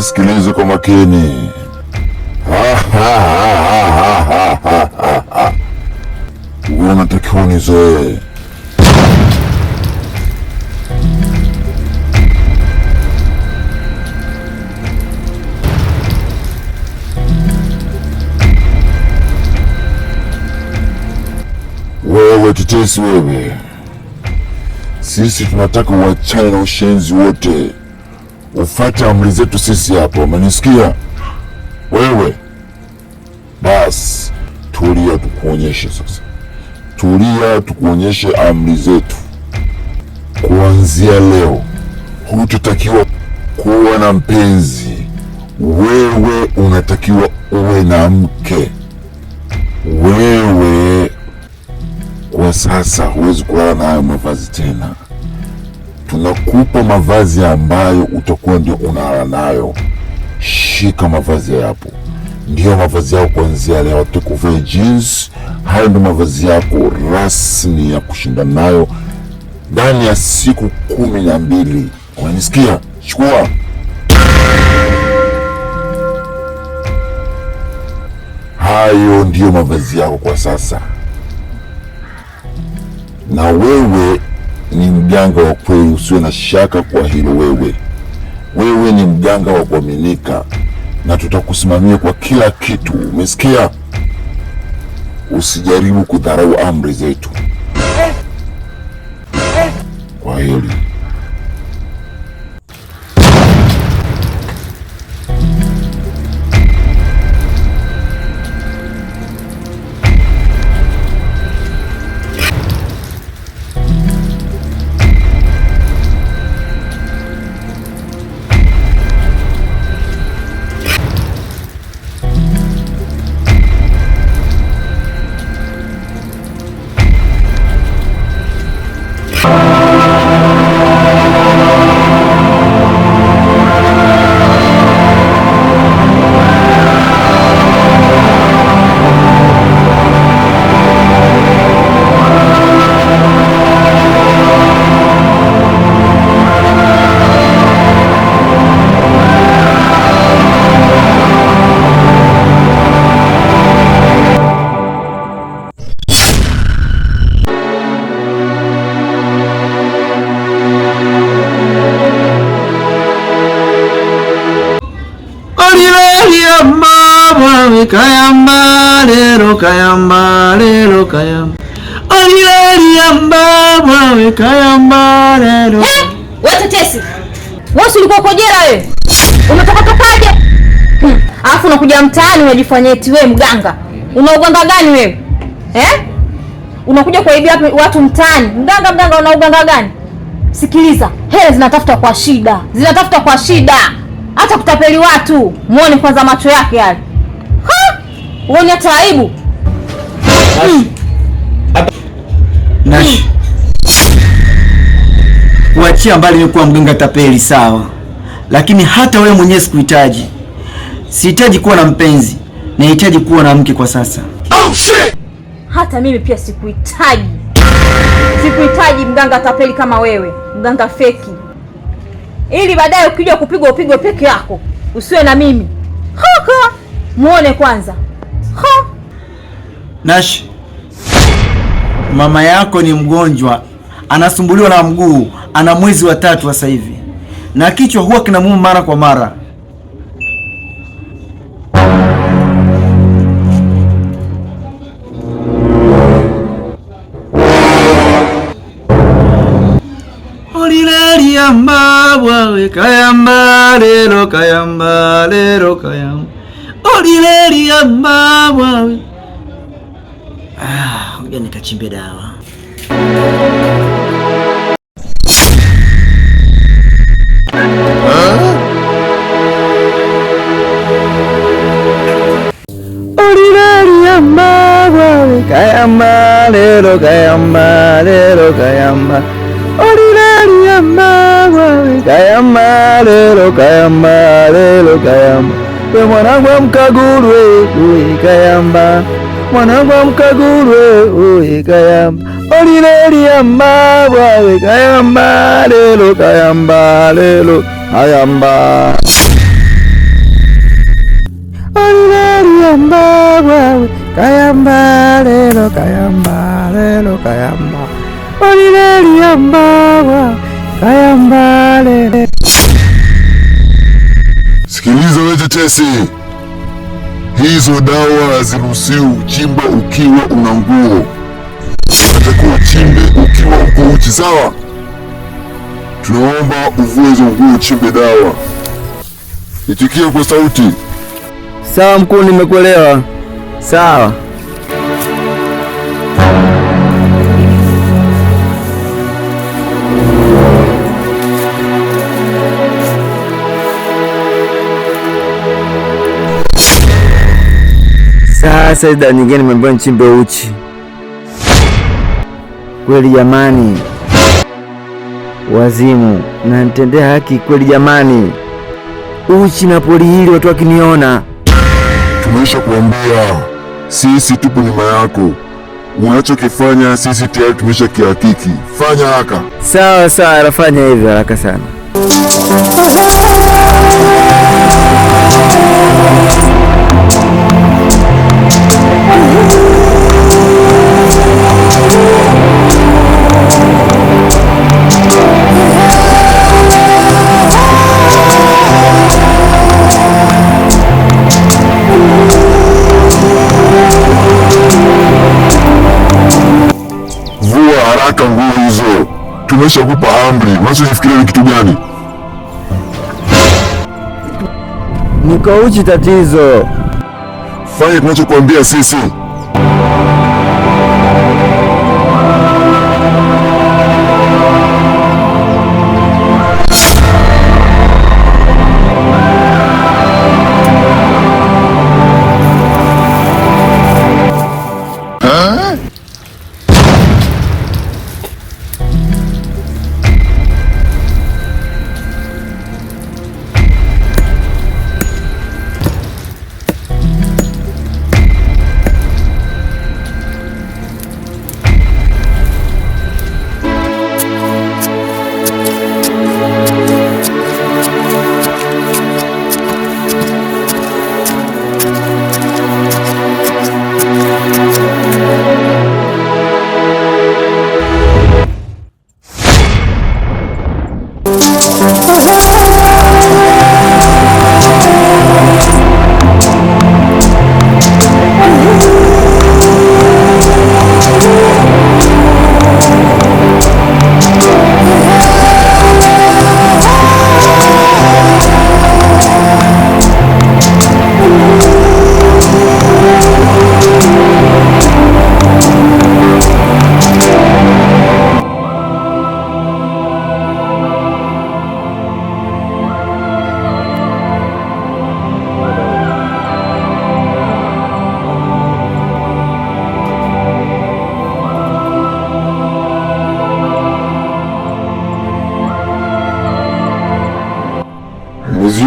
nisikilize kwa makini. Unatakiwa nizoee. Wewe tetesi, wewe, sisi tunataka uachane na ushenzi wote ufate amri zetu sisi hapa, umenisikia wewe? Basi tulia tukuonyeshe sasa, tulia tukuonyeshe amri zetu. Kuanzia leo hutotakiwa kuwa na mpenzi, wewe unatakiwa uwe na mke. Wewe kwa sasa huwezi kulala na hayo mavazi tena tunakupa mavazi ambayo utakuwa ndio unalala nayo. Shika mavazi yapo, ndiyo mavazi yako kuanzia leo, tukuvee jeans. Hayo ndio mavazi yako rasmi ya kushinda nayo ndani ya siku kumi na mbili. Unanisikia? Chukua. Hayo ndiyo mavazi yako kwa sasa, na wewe ni mganga wa kweli, usiwe na shaka kwa hilo. Wewe wewe ni mganga wa kuaminika na tutakusimamia kwa kila kitu, umesikia? Usijaribu kudharau amri zetu. Kwa heri. Kami kayamba lero kayamba lero kayamba Olileliamba mwawe kayamba lero Eh! Wete tesi! Wasi ulikuwa uko jela wewe? Umetoka tokaje? Hmm. Alafu unakuja mtaani unajifanya eti wewe mganga. Una uganga gani wewe? Eh? Unakuja kuaibia watu mtaani. Mganga mganga una uganga gani? Sikiliza, hela zinatafuta kwa shida. Zinatafuta kwa shida. Hata kutapeli watu. Muone kwanza macho yake yale. Uone hata aibu. Nash. mbali ni kuwa mganga tapeli sawa, lakini hata wewe mwenyewe sikuhitaji. Sihitaji kuwa na mpenzi, nahitaji kuwa na mke kwa sasa. Oh, shit. Hata mimi pia sikuhitaji, sikuhitaji mganga tapeli kama wewe, mganga feki, ili baadaye ukija kupigwa upigwe peke yako, usiwe na mimi. Haka muone kwanza. Nash, mama yako ni mgonjwa, anasumbuliwa na mguu, ana mwezi wa tatu sasa hivi, na kichwa huwa kinamuuma mara kwa mara. kayamba lero kayamba lero kayamba olilelia mama. Ah, ngoja nikachimbia dawa. Kayamba lero kayamba lero kayamba Orirari yamba Kayamba lero kayamba lero kayamba we mwanangu amkagulwe uye kayamba mwanangu amkagulwe uye olile liyamba bwawe kayamba lelo kayamba lelo kayamba olile liyamba bwawe kayamba lelo kayamba lelo kayamba olile liyamba bwawe kayamba lelo Sikiliza tetesi, hizo dawa haziruhusiwi uchimba ukiwa una nguo, atakuwa uchimbe ukiwa uko uchi. Sawa, tunaomba uvue hizo nguo uchimbe dawa. Itikie kwa sauti. Sawa mkuu, nimekuelewa. Sawa. Sasa ida nyingine nimeambiwa nchimbe uchi kweli jamani, wazimu na nitendea haki kweli jamani, uchi na poli hili watu wakiniona. Tumeisha kuambia sisi tupo nyuma yako, unachokifanya sisi tayari tumesha kihakiki. Fanya haraka. Sawa sawa, anafanya hivyo haraka sana Nimeshakupa amri, unachojifikiria ni kitu gani? Nikauchi tatizo, fanya tunachokuambia sisi.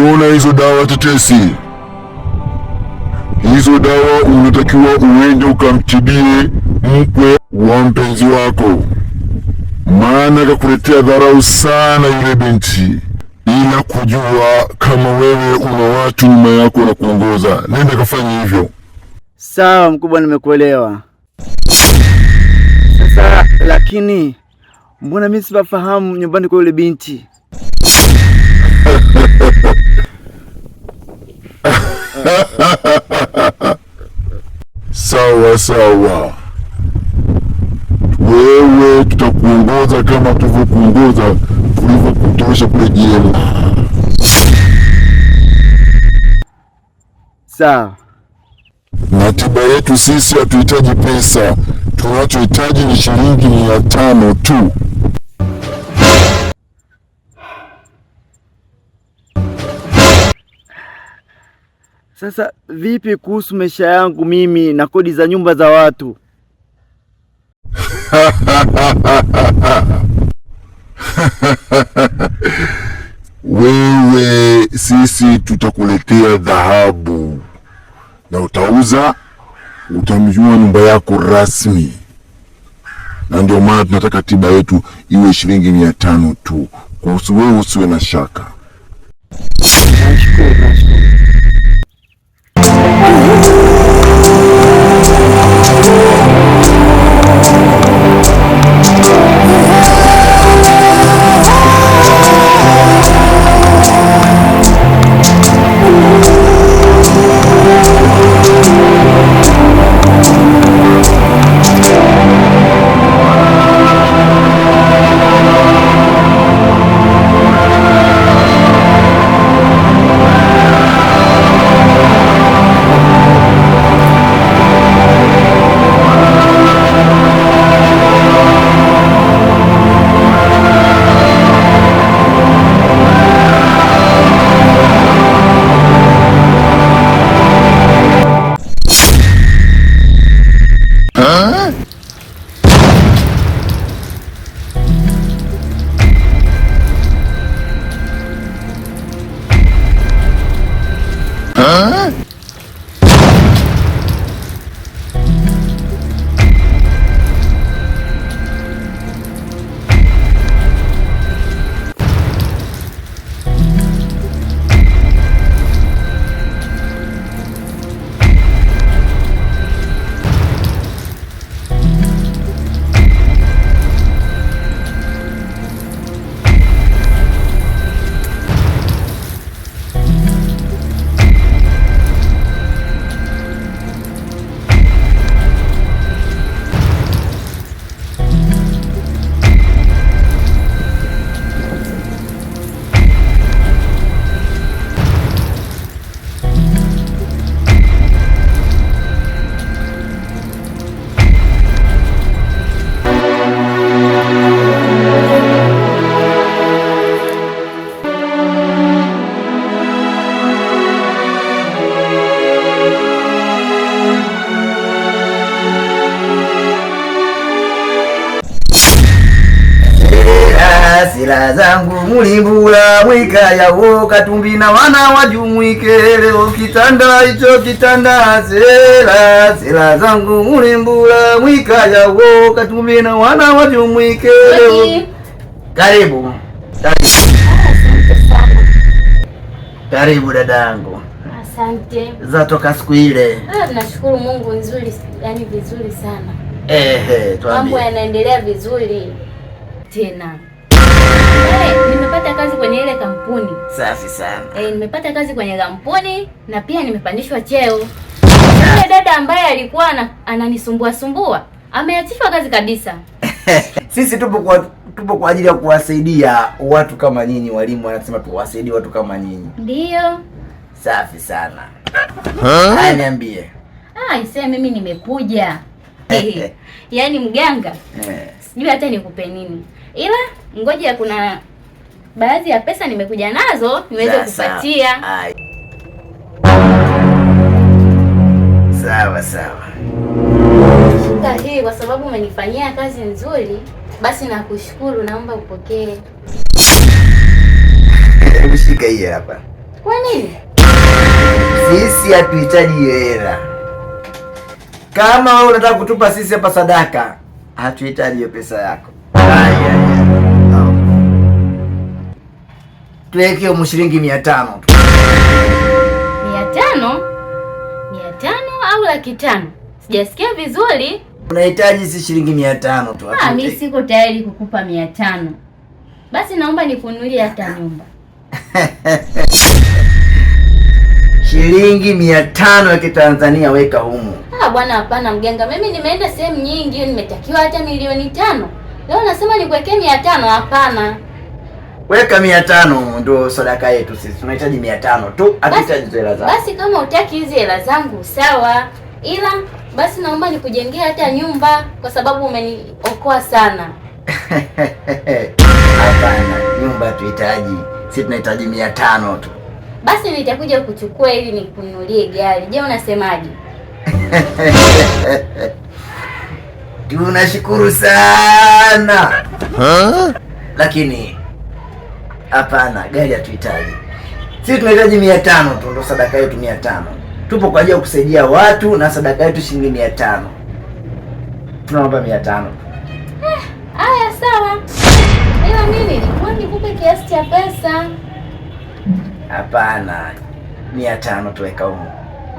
Uliona hizo dawa tetesi? Hizo dawa unatakiwa uende ukamtibie mkwe wa mpenzi wako, maana kakuletea dharau sana yule binti, ila kujua kama wewe una watu nyuma yako na kuongoza. Nenda kafanya hivyo. Sawa mkubwa, nimekuelewa sasa. Lakini mbona mimi sipafahamu nyumbani kwa yule binti? sawa sawa, wewe tutakuongoza kama tulivyokuongoza tulivyokutosha kule jela. Sawa. matiba yetu sisi hatuhitaji pesa, tunachohitaji ni shilingi mia tano tu. Sasa vipi kuhusu maisha yangu mimi na kodi za nyumba za watu? Wewe, sisi tutakuletea dhahabu na utauza, utamjua nyumba yako rasmi, na ndio maana tunataka tiba yetu iwe shilingi mia tano tu. Kuhusu wewe usiwe na shaka. Nashukuru, nashukuru. asira zangu mulimbula mwika yawo Katumbi na wana wajumwike leo kitanda icho kitanda. asira asira zangu mulimbula mwika yawo Katumbi na wana wajumwike leo. Karibu, karibu dadangu. Asante. Zatoka siku ile. Ah, nashukuru Mungu nzuri, yani vizuri sana. Ehe, tuambie. Mambo yanaendelea vizuri tena Hey, eh, nimepata kazi kwenye ile kampuni. Safi sana. Hey, eh, nimepata kazi kwenye kampuni na pia nimepandishwa cheo. Yule dada ambaye alikuwa ananisumbua sumbua ameachishwa kazi kabisa. Sisi tupo kwa tupo kwa ajili ya kuwasaidia watu kama nyinyi. Walimu wanasema tuwasaidie watu kama nyinyi. Ndio. Safi sana. Haya, niambie. Ah, isema mimi nimekuja. Yaani mganga. Eh. Sijui hata nikupe nini ila ngoja, kuna baadhi ya pesa nimekuja nazo niweze kupatia. Sawa sawa, shuka hii kwa sababu umenifanyia kazi nzuri, basi nakushukuru, naomba upokee. Shika hii hapa. Kwa nini? Sisi hatuhitaji hiyo hela. Kama wewe unataka kutupa sisi hapa sadaka, hatuhitaji hiyo pesa yako. Tuwekeo shilingi mia tano tu. Mia tano? Mia tano au laki tano? Sijasikia vizuri. Unahitaji si shilingi mia tano tu. Ah, mimi siko tayari kukupa mia tano. Basi naomba nifunulie hata nyumba. Shilingi mia tano ya Kitanzania weka humu. Ah, bwana hapana mganga. Mimi nimeenda sehemu nyingi nimetakiwa hata milioni tano. Leo nasema nikuwekee mia tano? Hapana, weka mia tano ndio sadaka yetu sisi. Tunahitaji mia tano tu, hatuhitaji hela zangu. Basi kama utaki hizi hela zangu sawa, ila basi naomba nikujengee hata nyumba, kwa sababu umeniokoa sana. Hapana, nyumba tuhitaji sisi, tunahitaji mia tano tu. Basi nitakuja kuchukua ili nikununulie gari. Je, unasemaje? tunashukuru sana huh? Lakini hapana, gari hatuhitaji sisi, tunahitaji mia tano tu, ndo sadaka yetu mia tano. Tupo kwa ajili ya kusaidia watu na sadaka yetu shilingi mia tano. Tunaomba mia tano. Eh, haya, sawa, ila mimi nikupe kiasi cha pesa. Hapana, mia tano tuweka huko.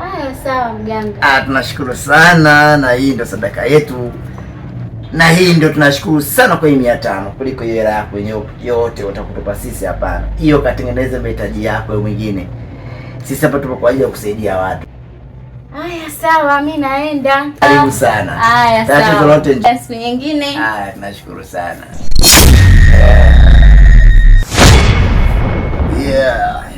Haya, sawa mganga. Ah, tunashukuru sana na hii ndo sadaka yetu na hii ndio tunashukuru sana kwa hii mia tano kuliko hiyo hela yako yenyewe yote utakutupa sisi. Hapana, hiyo katengeneze mahitaji yako wewe mwingine. Sisi hapa tupo kwa ajili ya kusaidia watu. Haya, sawa, mimi naenda. Karibu sana. Haya, sawa. Siku nyingine. Haya, tunashukuru sana yeah. Yeah.